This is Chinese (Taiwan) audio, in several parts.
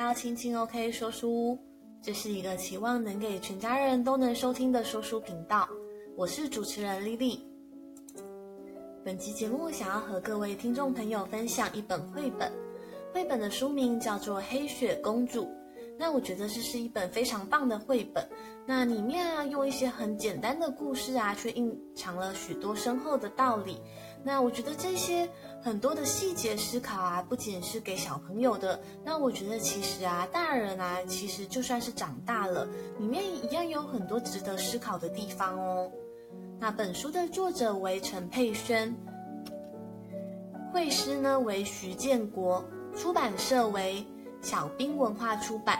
大家親親 OK 說書屋，這是一個期望能給全家人都能收聽的說書頻道。我是主持人麗麗。本期節目想要和各位聽眾朋友分享一本繪本，繪本的書名叫做《黑雪公主》。那我覺得這是一本非常棒的繪本。那裡面啊，用一些很簡單的故事啊，卻隱藏了許多深厚的道理。那我覺得這些很多的細節思考啊，不僅是給小朋友的。那我覺得其實啊，大人啊，其實就算是長大了，裡面一樣有很多值得思考的地方哦。那本書的作者為陳佩萱，繪師呢為徐建國，出版社為小兵文化出版。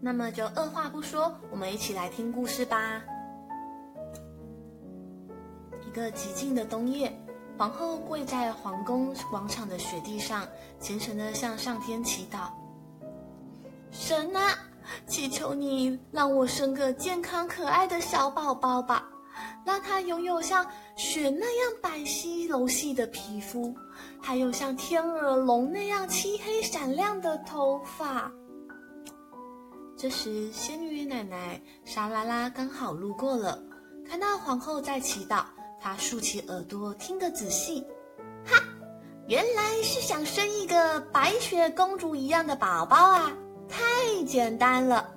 那麼就二話不說，我們一起來聽故事吧。一個寂靜的冬夜，皇后跪在皇宮廣場的雪地上，虔誠地向上天祈禱：“神啊，祈求你讓我生個健康可愛的小寶寶吧，讓他擁有像雪那樣白皙柔細的皮膚，還有像天鵝絨那樣漆黑閃亮的頭髮。”這時，仙女奶奶莎拉拉剛好路過了，看到皇後在祈禱。她豎起耳朵聽個仔細，哈，原來是想生一個白雪公主一樣的寶寶啊！太簡單了。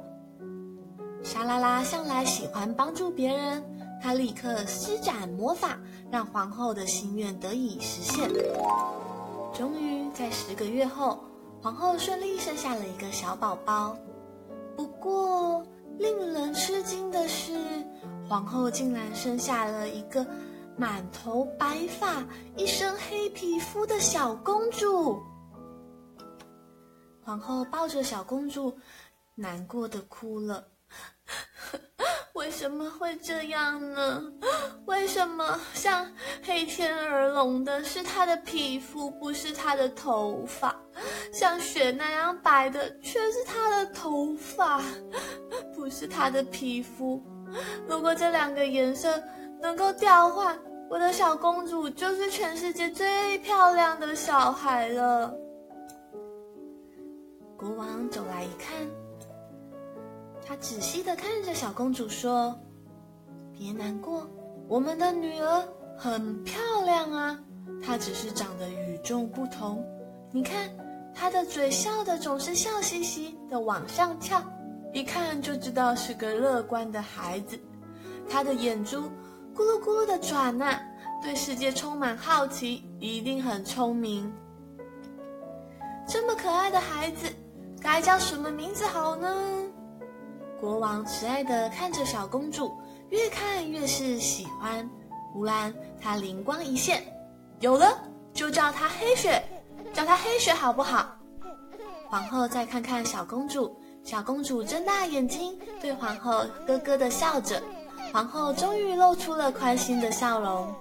莎拉拉向來喜歡幫助別人，她立刻施展魔法，讓皇後的心願得以實現。終於在十個月後，皇后順利生下了一個小寶寶。不過，令人吃驚的是，皇后竟然生下了一個滿頭白髮、一身黑皮膚的小公主，皇后抱着小公主，難過的哭了。 為什麼會這樣呢？為什麼像黑天鵝絨的是她的皮膚，不是她的頭髮？像雪那樣白的卻是她的頭髮，不是她的皮膚？如果這兩個顏色……能夠調換，我的小公主就是全世界最漂亮的小孩了。國王走來一看，他仔細的看着小公主說：“別難過，我們的女兒很漂亮啊，她只是長得與眾不同。你看她的嘴，笑的總是笑嘻嘻的往上翹，一看就知道是個樂觀的孩子。她的眼珠。”咕嚕咕嚕的轉吶，對世界充滿好奇，一定很聰明。這麼可愛的孩子，該叫什麼名字好呢？國王慈愛的看着小公主，越看越是喜歡。忽然，他靈光一現，有了，就叫她黑雪，叫她黑雪好不好？皇后再看看小公主，小公主睜大眼睛，對皇后咯咯的笑着。皇后終於露出了寬心的笑容。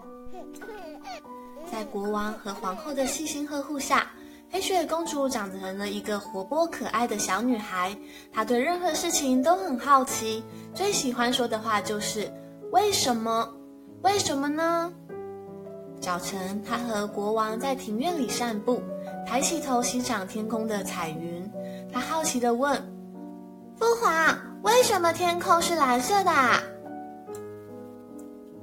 在國王和皇後的細心呵護下，黑雪公主長成了一個活潑可愛的小女孩。她對任何事情都很好奇，最喜歡說的話就是“為什麼？為什麼呢？”早晨，她和國王在庭院裡散步，抬起頭欣賞天空的彩雲。她好奇的問：“父皇，為什麼天空是藍色的？”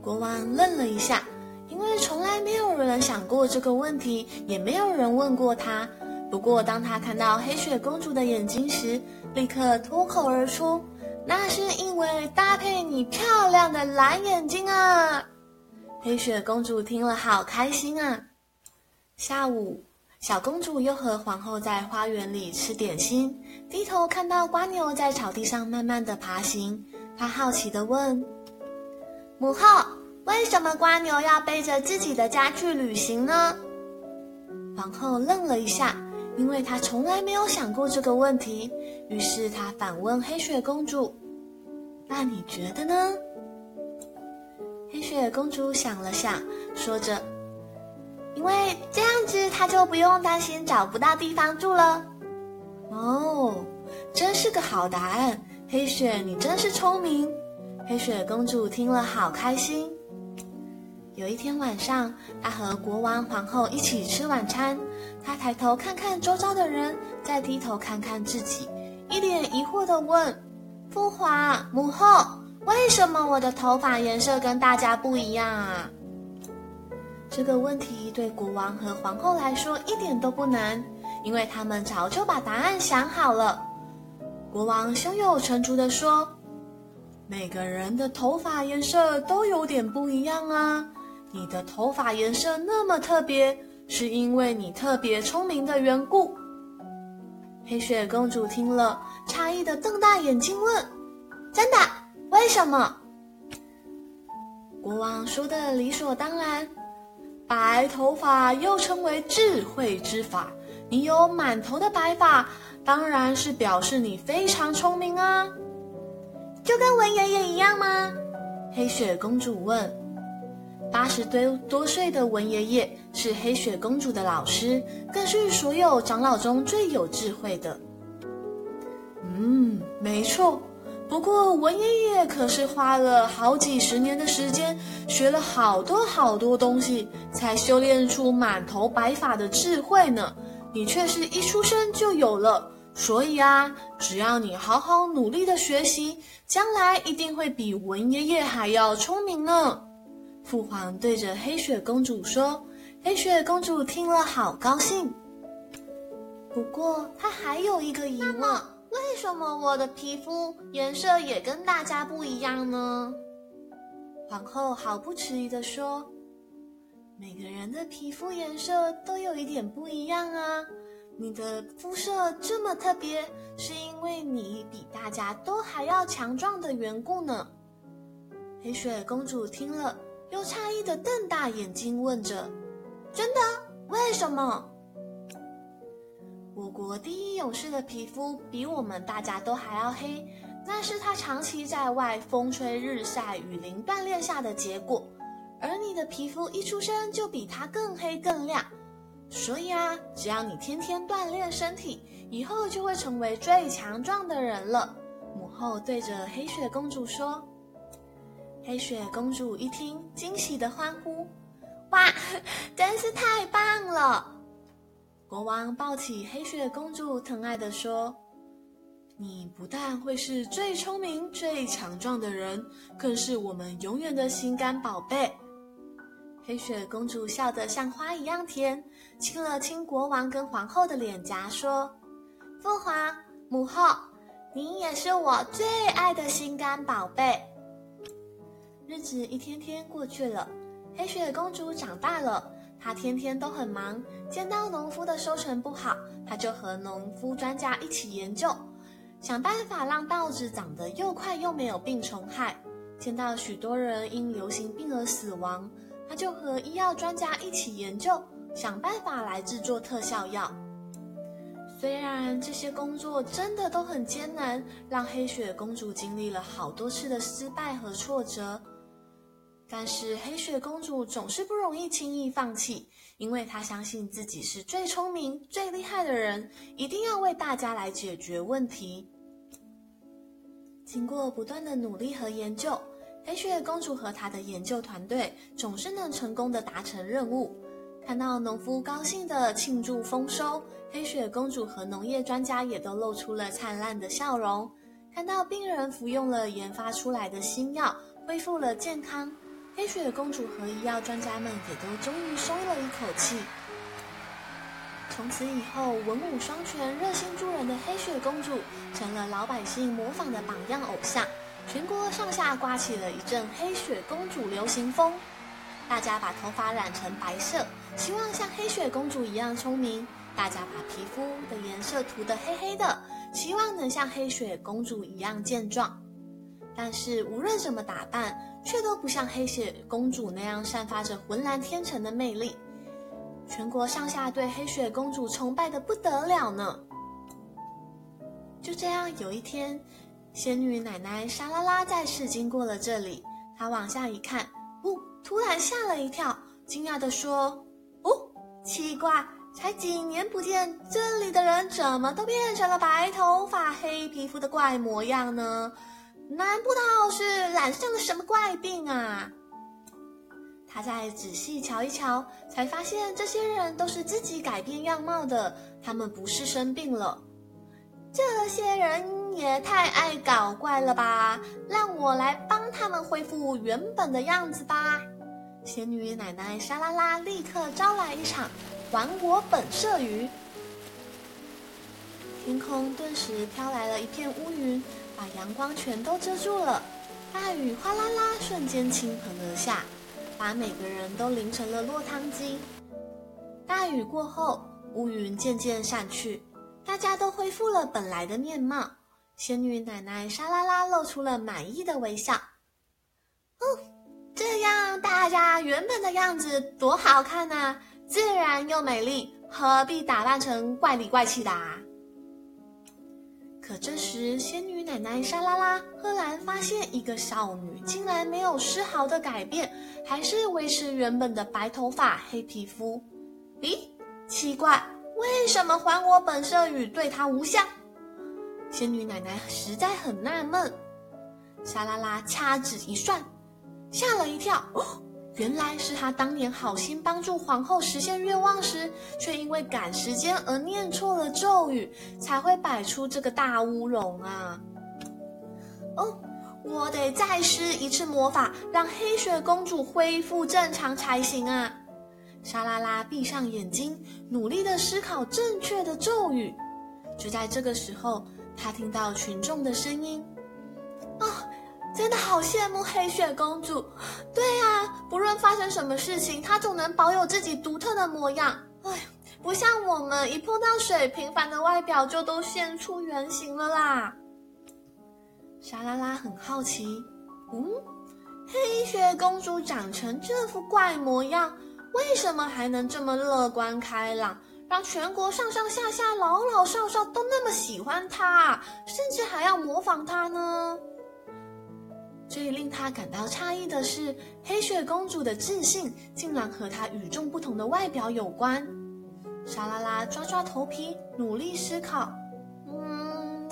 國王愣了一下，因為從來沒有人想過這個問題，也沒有人問過他。不過當他看到黑雪公主的眼睛時，立刻脫口而出：“那是因為搭配你漂亮的藍眼睛啊！”黑雪公主聽了好開心啊。下午，小公主又和皇後在花園裡吃點心，低頭看到蝸牛在草地上慢慢的爬行，她好奇地問。母後，為什麼蝸牛要背着自己的家去旅行呢？王后愣了一下，因為她從來沒有想過這個問題。於是她反問黑雪公主：“那你覺得呢？”黑雪公主想了想，說着：“因為這樣子，她就不用擔心找不到地方住了。”哦，真是個好答案，黑雪，你真是聰明。黑雪公主聽了好開心。有一天晚上，她和國王、皇後一起吃晚餐。她抬頭看看週遭的人，再低頭看看自己，一臉疑惑地問：“父皇、 母後，為什麼我的頭髮顏色跟大家不一樣啊？”這個問題對國王和皇後來說一點都不難，因為他們早就把答案想好了。國王胸有成竹地說。每個人的頭髮顏色都有點不一樣啊。你的頭髮顏色那麼特別，是因為你特別聰明的緣故。黑雪公主聽了，詫異的瞪大眼睛問：“真的？為什麼？”國王說的理所當然：“白頭髮又稱為智慧之髮，你有滿頭的白髮，當然是表示你非常聰明啊。”就跟文爺爺一樣嗎？黑雪公主問。八十多多歲的文爺爺是黑雪公主的老師，更是所有長老中最有智慧的。嗯，沒錯。不過文爺爺可是花了好幾十年的時間，學了好多好多東西，才修煉出滿頭白髮的智慧呢。你卻是一出生就有了。所以啊，只要你好好努力的學習，將來一定會比文爺爺還要聰明呢。父皇對着黑雪公主說，黑雪公主聽了好高興。不過她還有一個疑問，為什麼我的皮膚顏色也跟大家不一樣呢？皇后毫不遲疑地說，每個人的皮膚顏色都有一點不一樣啊。你的膚色這麼特別，是因為你比大家都還要強壯的緣故呢。黑雪公主聽了，又詫異地瞪大眼睛問着：“真的？為什麼？”我國第一勇士的皮膚比我們大家都還要黑，那是他長期在外風吹日曬、雨淋鍛鍊下的結果。而你的皮膚一出生就比他更黑、更亮。所以啊，只要你天天鍛煉身體，以後就會成為最強壯的人了。母後對着黑雪公主說：“黑雪公主一聽，驚喜地歡呼：‘哇，真是太棒了！’國王抱起黑雪公主，疼愛地說：‘你不但會是最聰明、最強壯的人，更是我們永遠的心肝寶貝。’黑雪公主笑得像花一樣甜。”親了親國王跟皇後的臉頰，說：“父皇母後，您也是我最愛的心肝寶貝。”日子一天天過去了，黑雪公主長大了。她天天都很忙。見到農夫的收成不好，她就和農夫專家一起研究，想辦法讓稻子長得又快又沒有病蟲害。見到許多人因流行病而死亡，她就和醫藥專家一起研究。想辦法來制作特效藥，雖然這些工作真的都很艱難，讓黑雪公主經歷了好多次的失敗和挫折，但是黑雪公主總是不容易輕易放棄，因為她相信自己是最聰明、最厲害的人，一定要為大家來解決問題。經過不斷的努力和研究，黑雪公主和她的研究團隊總是能成功的達成任務。看到農夫高興地慶祝豐收，黑雪公主和農業專家也都露出了燦爛的笑容。看到病人服用了研發出來的新藥，恢復了健康，黑雪公主和醫藥專家們也都終於鬆了一口氣。從此以後，文武雙全、熱心助人的黑雪公主成了老百姓模仿的榜樣偶像，全國上下颳起了一陣黑雪公主流行風，大家把頭髮染成白色。希望像黑雪公主一樣聰明，大家把皮膚的顏色塗得黑黑的，希望能像黑雪公主一樣健壯。但是無論怎麼打扮，卻都不像黑雪公主那樣散發着渾然天成的魅力。全國上下對黑雪公主崇拜得不得了呢。就這樣，有一天，仙女奶奶莎拉拉再次經過了這裡，她往下一看，不、哦，突然嚇了一跳，驚訝地說。奇怪，才幾年不見，這裡的人怎麼都變成了白頭髮、黑皮膚的怪模樣呢？難不成是染上了什麼怪病啊？他再仔細瞧一瞧，才發現這些人都是自己改變樣貌的，他們不是生病了。這些人也太愛搞怪了吧！讓我來幫他們恢復原本的樣子吧。仙女奶奶沙拉拉立刻招來一場還原本色雨。天空頓時飄來了一片烏雲，把陽光全都遮住了。大雨嘩啦啦，瞬間傾盆而下，把每個人都淋成了落湯雞。大雨過後，烏雲漸漸散去，大家都恢復了本來的面貌。仙女奶奶沙拉拉露出了滿意的微笑。哦。這樣，大家原本的樣子多好看吶，啊，自然又美麗，何必打扮成怪裡怪氣的啊？可這時，仙女奶奶莎拉拉赫然發現，一個少女竟然沒有絲毫的改變，還是維持原本的白頭髮、黑皮膚。咦，奇怪，為什麼還我本色語對她無效？仙女奶奶實在很納悶。莎拉拉掐指一算。嚇了一跳，哦，原來是她當年好心幫助皇后實現願望時，卻因為趕時間而念錯了咒語，才會擺出這個大烏龍啊！哦，我得再施一次魔法，讓黑雪公主恢復正常才行啊！莎拉拉閉上眼睛，努力的思考正確的咒語。就在這個時候，她聽到群眾的聲音。真的好羨慕黑雪公主。對呀，不論發生什麼事情，她總能保有自己獨特的模樣。哎，不像我們一碰到水，平凡的外表就都現出原形了啦。莎拉拉很好奇，嗯，黑雪公主長成這副怪模樣，為什麼還能這麼樂觀開朗，讓全國上上下下老老少少都那麼喜歡她，甚至還要模仿她呢？最令他感到詫異的是，黑雪公主的自信竟然和她與眾不同的外表有關。莎拉拉抓抓頭皮，努力思考：“嗯，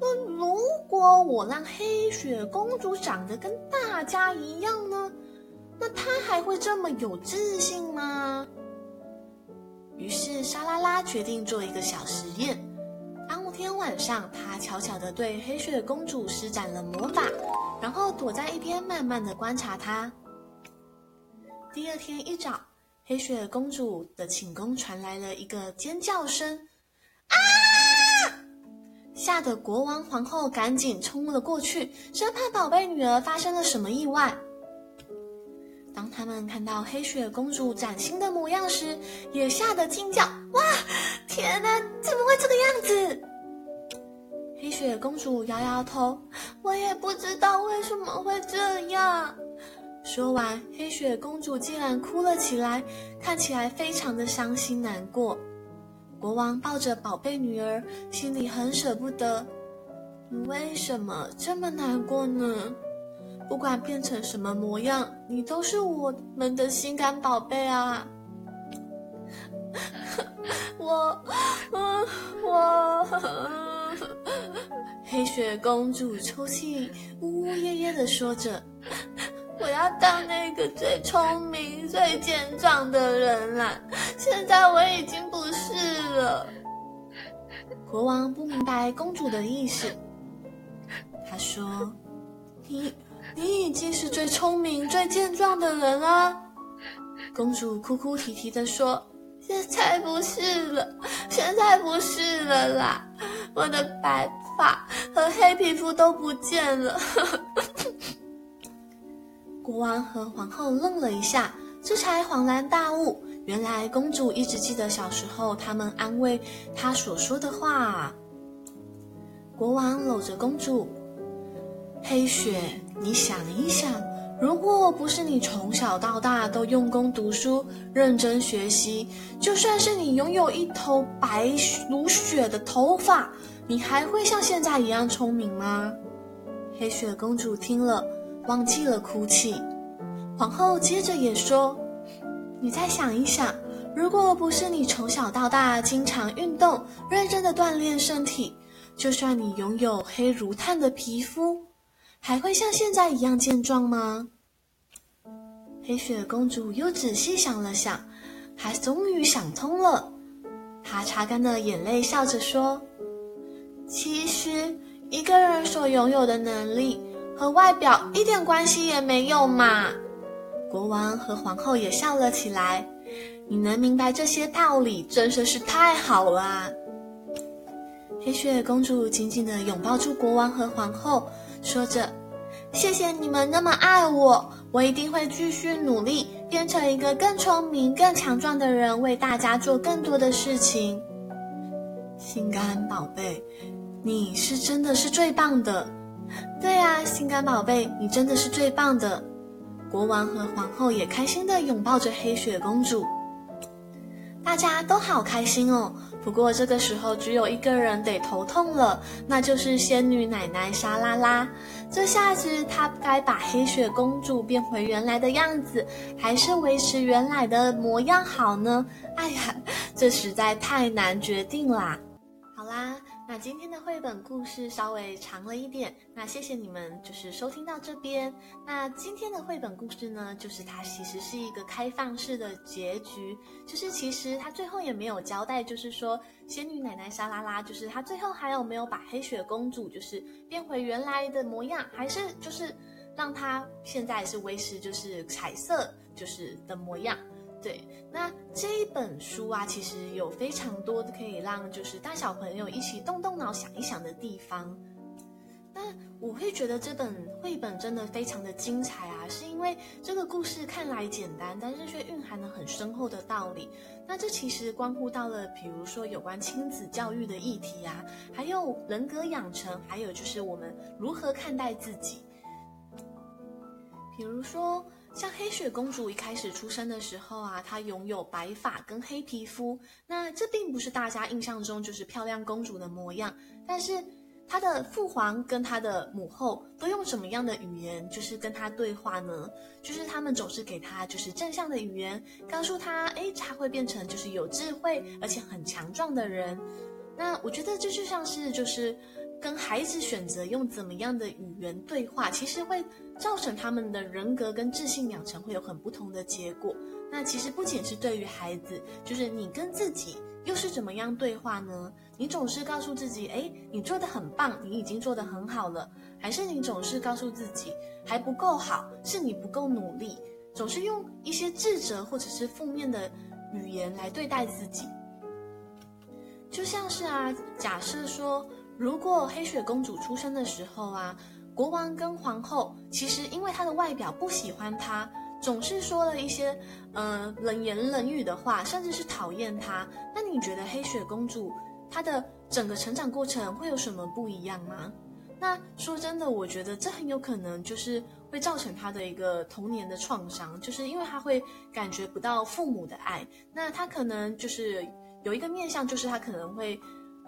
那如果我讓黑雪公主長得跟大家一樣呢？那她還會這麼有自信嗎？”於是，莎拉拉決定做一個小實驗。天晚上，她悄悄地對黑雪公主施展了魔法，然後躲在一邊慢慢地觀察她。第二天一早，黑雪公主的寢宮傳來了一個尖叫聲，啊！嚇得國王、皇后趕緊衝了過去，生怕寶貝女兒發生了什麼意外。當他們看到黑雪公主嶄新的模樣時，也嚇得驚叫：“哇，天哪，怎麼會這個樣子？”黑雪公主搖搖頭，我也不知道為什麼會這樣。說完，黑雪公主竟然哭了起來，看起來非常的傷心難過。國王抱着寶貝女兒，心裡很捨不得。你為什麼這麼難過呢？不管變成什麼模樣，你都是我們的心肝寶貝啊！ 我，我我。黑雪公主抽泣，嗚嗚咽咽的說着：“我要當那個最聰明、最健壯的人啦！現在我已經不是了。”國王不明白公主的意思，他說：“你，你已經是最聰明、最健壯的人啦！”公主哭哭啼啼的說：“現在不是了，現在不是了啦！我的白……”髮和黑皮膚都不見了。 國王和皇后愣了一下，這才恍然大悟。原來公主一直記得小時候他們安慰她所說的話。國王摟着公主：“黑雪，你想一想，如果不是你從小到大都用功讀書、認真學習，就算是你擁有一頭白如雪的頭髮。”你還會像現在一樣聰明嗎？黑雪公主聽了，忘記了哭泣。皇后接着也說：“你再想一想，如果不是你從小到大經常運動，認真的鍛鍊身體，就算你擁有黑如炭的皮膚，還會像現在一樣健壯嗎？”黑雪公主又仔細想了想，她終於想通了。她擦乾了眼淚，笑着說。.其實，一個人所擁有的能力和外表一點關係也沒有嘛。國王和皇後也笑了起來。你能明白這些道理，真的是，是太好了。黑雪公主緊緊地擁抱住國王和皇後，說着：“謝謝你們那麼愛我，我一定會繼續努力，變成一個更聰明、更強壯的人，為大家做更多的事情。”心肝寶貝。你是真的是最棒的，對啊，心肝寶貝，你真的是最棒的。國王和皇後也開心地擁抱着黑雪公主，大家都好開心哦。不過這個時候，只有一個人得頭痛了，那就是仙女奶奶莎拉拉。這下子，她該把黑雪公主變回原來的樣子，還是維持原來的模樣好呢？哎呀，這實在太難決定啦。那今天的繪本故事稍微長了一點，那謝謝你們就是收聽到這邊。那今天的繪本故事呢，就是它其實是一個開放式的結局，就是其實它最後也沒有交代，就是說仙女奶奶沙拉拉，就是她最後還有沒有把黑雪公主就是變回原來的模樣，還是就是讓她現在也是維持就是彩色就是的模樣。對，那這一本書啊，其實有非常多的可以讓就是大小朋友一起動動腦想一想的地方。那我會覺得這本繪本真的非常的精彩啊，是因為這個故事看來簡單，但是卻蘊含了很深厚的道理。那這其實關乎到了，比如說有關親子教育的議題啊，還有人格養成，還有就是我們如何看待自己，比如說。像黑雪公主一開始出生的時候啊，她擁有白髮跟黑皮膚，那這並不是大家印象中就是漂亮公主的模樣。但是她的父皇跟她的母後都用什麼樣的語言就是跟她對話呢？就是他們總是給她就是正向的語言，告訴她，哎、欸，她會變成就是有智慧而且很強壯的人。那我覺得這就像是就是跟孩子選擇用怎麼樣的語言對話，其實會。造成他們的人格跟自信養成會有很不同的結果。那其實不僅是對於孩子，就是你跟自己又是怎麼樣對話呢？你總是告訴自己，哎，你做得很棒，你已經做得很好了，還是你總是告訴自己還不夠好，是你不夠努力，總是用一些自責或者是負面的語言來對待自己。就像是啊，假設說，如果黑雪公主出生的時候啊。國王跟皇後其實因為她的外表不喜歡她，總是說了一些嗯冷言冷語的話，甚至是討厭她。那你覺得黑雪公主她的整個成長過程會有什麼不一樣嗎？那說真的，我覺得這很有可能就是會造成她的一個童年的創傷，就是因為她會感覺不到父母的愛。那她可能就是有一個面向，就是她可能會。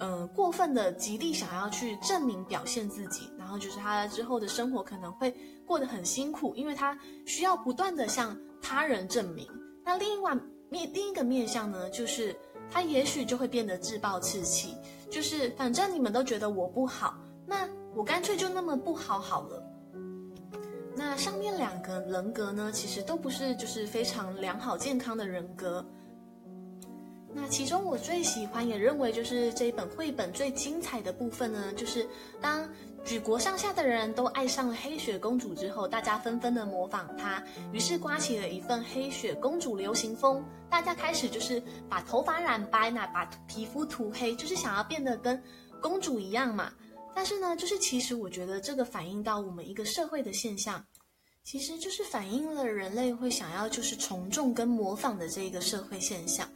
嗯、呃，過分的極力想要去證明表現自己，然後就是他之後的生活可能會過得很辛苦，因為他需要不斷的向他人證明。那另一碗面，另一個面向呢，就是他也許就會變得自暴自棄，就是反正你們都覺得我不好，那我乾脆就那麼不好好了。那上面兩個人格呢，其實都不是就是非常良好健康的人格。那其中我最喜歡也認為就是這一本繪本最精彩的部分呢，就是當舉國上下的人都愛上了黑雪公主之後，大家紛紛的模仿她，於是颳起了一份黑雪公主流行風。大家開始就是把頭髮染白，那把皮膚塗黑，就是想要變得跟公主一樣嘛。但是呢，就是其實我覺得這個反映到我們一個社會的現象，其實就是反映了人類會想要就是從眾跟模仿的這一個社會現象。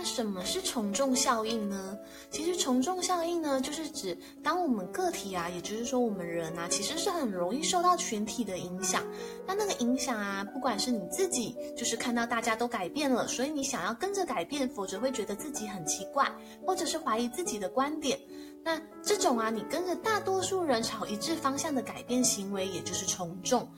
那什麼是從眾效應呢？其實從眾效應呢，就是指當我們個體啊，也就是說我們人啊，其實是很容易受到群體的影響。那那個影響啊，不管是你自己，就是看到大家都改變了，所以你想要跟着改變，否則會覺得自己很奇怪，或者是懷疑自己的觀點。那這種啊，你跟着大多數人朝一致方向的改變行為，也就是從眾。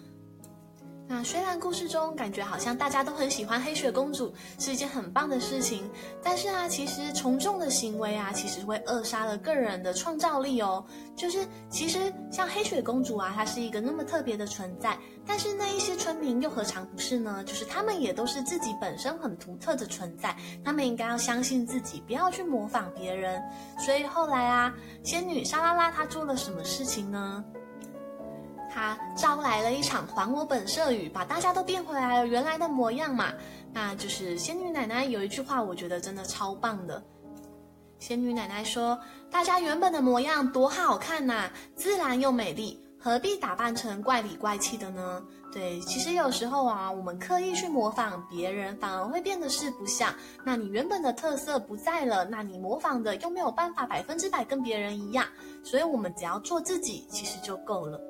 那雖然故事中感覺好像大家都很喜歡黑雪公主是一件很棒的事情，但是啊，其實從眾的行為啊，其實會扼殺了個人的創造力哦。就是其實像黑雪公主啊，她是一個那麼特別的存在，但是那一些村民又何嘗不是呢？就是他們也都是自己本身很獨特的存在，他們應該要相信自己，不要去模仿別人。所以後來啊，仙女莎拉拉她做了什麼事情呢？他招來了一場還我本色雨，把大家都變回來了原來的模樣嘛。那就是仙女奶奶有一句話，我覺得真的超棒的。仙女奶奶說：“大家原本的模樣多好看吶、啊，自然又美麗，何必打扮成怪裡怪氣的呢？”對，其實有時候啊，我們刻意去模仿別人，反而會變得四不像。那你原本的特色不在了，那你模仿的又沒有辦法百分之百跟別人一樣。所以我們只要做自己，其實就夠了。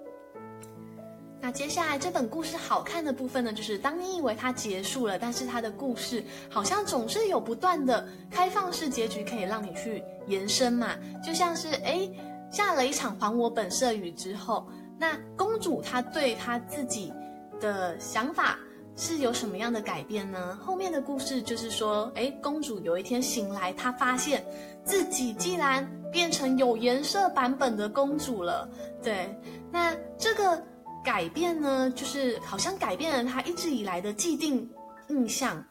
那接下來這本故事好看的部分呢，就是當你以為它結束了，但是它的故事好像總是有不斷的開放式結局可以讓你去延伸嘛。就像是哎、欸，下了一場還我本色雨之後，那公主她對她自己的想法是有什麼樣的改變呢？後面的故事就是說，哎、欸，公主有一天醒來，她發現自己竟然變成有顏色版本的公主了。對，那這個。改變呢，就是好像改變了他一直以來的既定印象，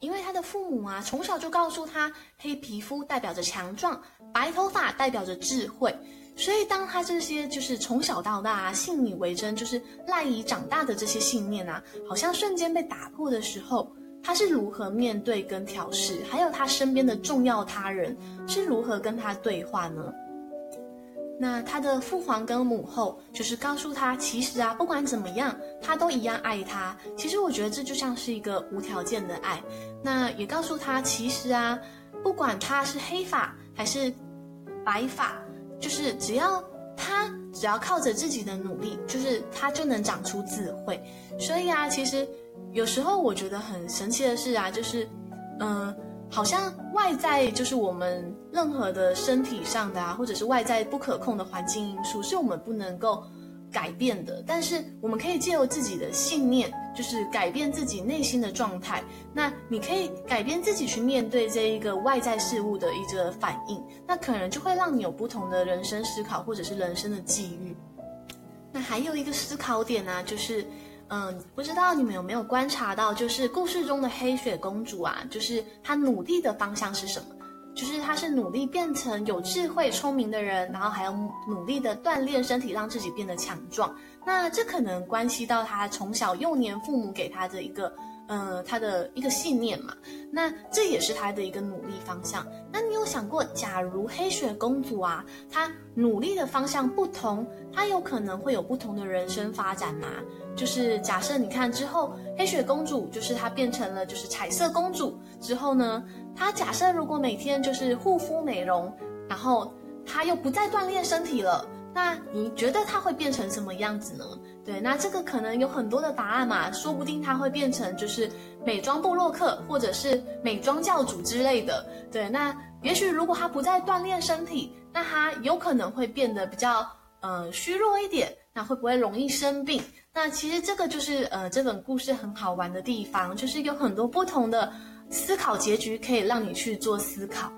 因為他的父母啊，從小就告訴他，黑皮膚代表着強壯，白頭髮代表着智慧，所以當他這些就是從小到大啊，信以為真，就是賴以長大的這些信念啊，好像瞬間被打破的時候，他是如何面對跟調適，還有他身邊的重要他人是如何跟他對話呢？那他的父皇跟母後就是告訴他，其實啊，不管怎麼樣，他都一樣愛他。其實我覺得這就像是一個無條件的愛。那也告訴他，其實啊，不管他是黑髮還是白髮，就是只要他只要靠着自己的努力，就是他就能長出智慧。所以啊，其實有時候我覺得很神奇的是啊，就是嗯、呃。好像外在就是我們任何的身體上的啊，或者是外在不可控的環境因素，是我們不能夠改變的。但是我們可以借由自己的信念，就是改變自己內心的狀態。那你可以改變自己去面對這一個外在事物的一個反應，那可能就會讓你有不同的人生思考，或者是人生的際遇。那還有一個思考點呢、啊，就是。嗯，不知道你們有沒有觀察到，就是故事中的黑雪公主啊，就是她努力的方向是什麼？就是她是努力變成有智慧、聰明的人，然後還要努力的鍛鍊身體，讓自己變得強壯。那這可能關係到她從小幼年父母給她的一個。呃，他的一個信念嘛，那這也是他的一個努力方向。那你有想過，假如黑雪公主啊，她努力的方向不同，她有可能會有不同的人生發展嗎？就是假設你看之後，黑雪公主就是她變成了就是彩色公主之後呢，她假設如果每天就是護膚美容，然後她又不再鍛鍊身體了，那你覺得她會變成什麼樣子呢？對，那這個可能有很多的答案嘛，說不定它會變成，就是美妝部落客或者是美妝教主之類的。對，那也許如果他不再鍛鍊身體，那他有可能會變得比較呃，虛弱一點，那會不會容易生病？那其實這個就是呃，這本故事很好玩的地方，就是有很多不同的思考結局可以讓你去做思考。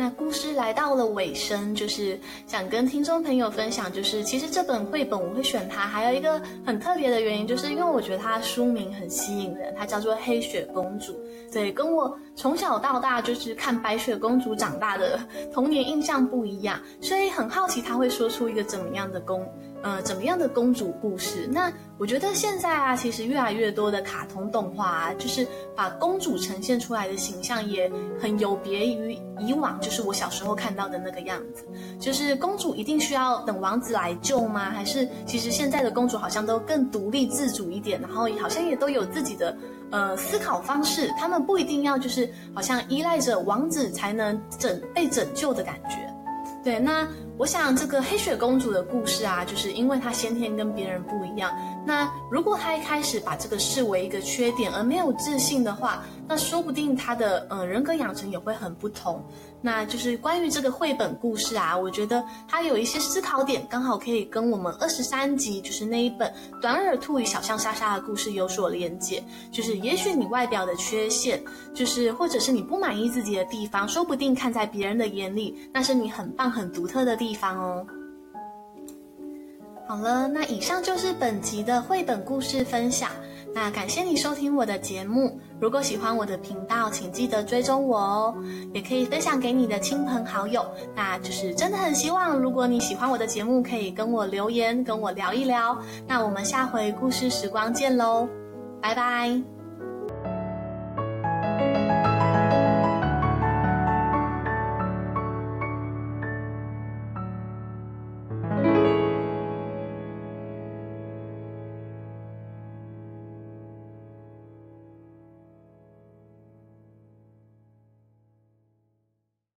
那故事來到了尾聲，就是想跟聽眾朋友分享，就是其實這本繪本我會選它，還有一個很特別的原因，就是因為我覺得它的書名很吸引人，它叫做《黑雪公主》，對，跟我從小到大就是看白雪公主長大的童年印象不一樣，所以很好奇它會說出一個怎麼樣的公。呃，怎麼樣的公主故事？那我覺得現在啊，其實越來越多的卡通動畫啊，就是把公主呈現出來的形象也很有別於以往，就是我小時候看到的那個樣子。就是公主一定需要等王子來救嗎？還是其實現在的公主好像都更獨立自主一點，然後好像也都有自己的呃思考方式，他們不一定要就是好像依賴着王子才能拯被拯救的感覺。對，那。我想這個黑雪公主的故事啊，就是因為她先天跟別人不一樣。那如果她一開始把這個視為一個缺點而沒有自信的話，那說不定她的嗯、呃、人格養成也會很不同。那就是關於這個繪本故事啊，我覺得它有一些思考點，剛好可以跟我們二十三集就是那一本短耳兔與小象莎莎的故事有所連接。就是也許你外表的缺陷，就是或者是你不滿意自己的地方，說不定看在別人的眼裡，那是你很棒很獨特的地方。地方哦。好了，那以上就是本集的繪本故事分享。那感謝你收聽我的節目。如果喜歡我的頻道，請記得追蹤我哦，也可以分享給你的親朋好友。那就是真的很希望，如果你喜歡我的節目，可以跟我留言，跟我聊一聊。那我們下回故事時光見嘍，拜拜。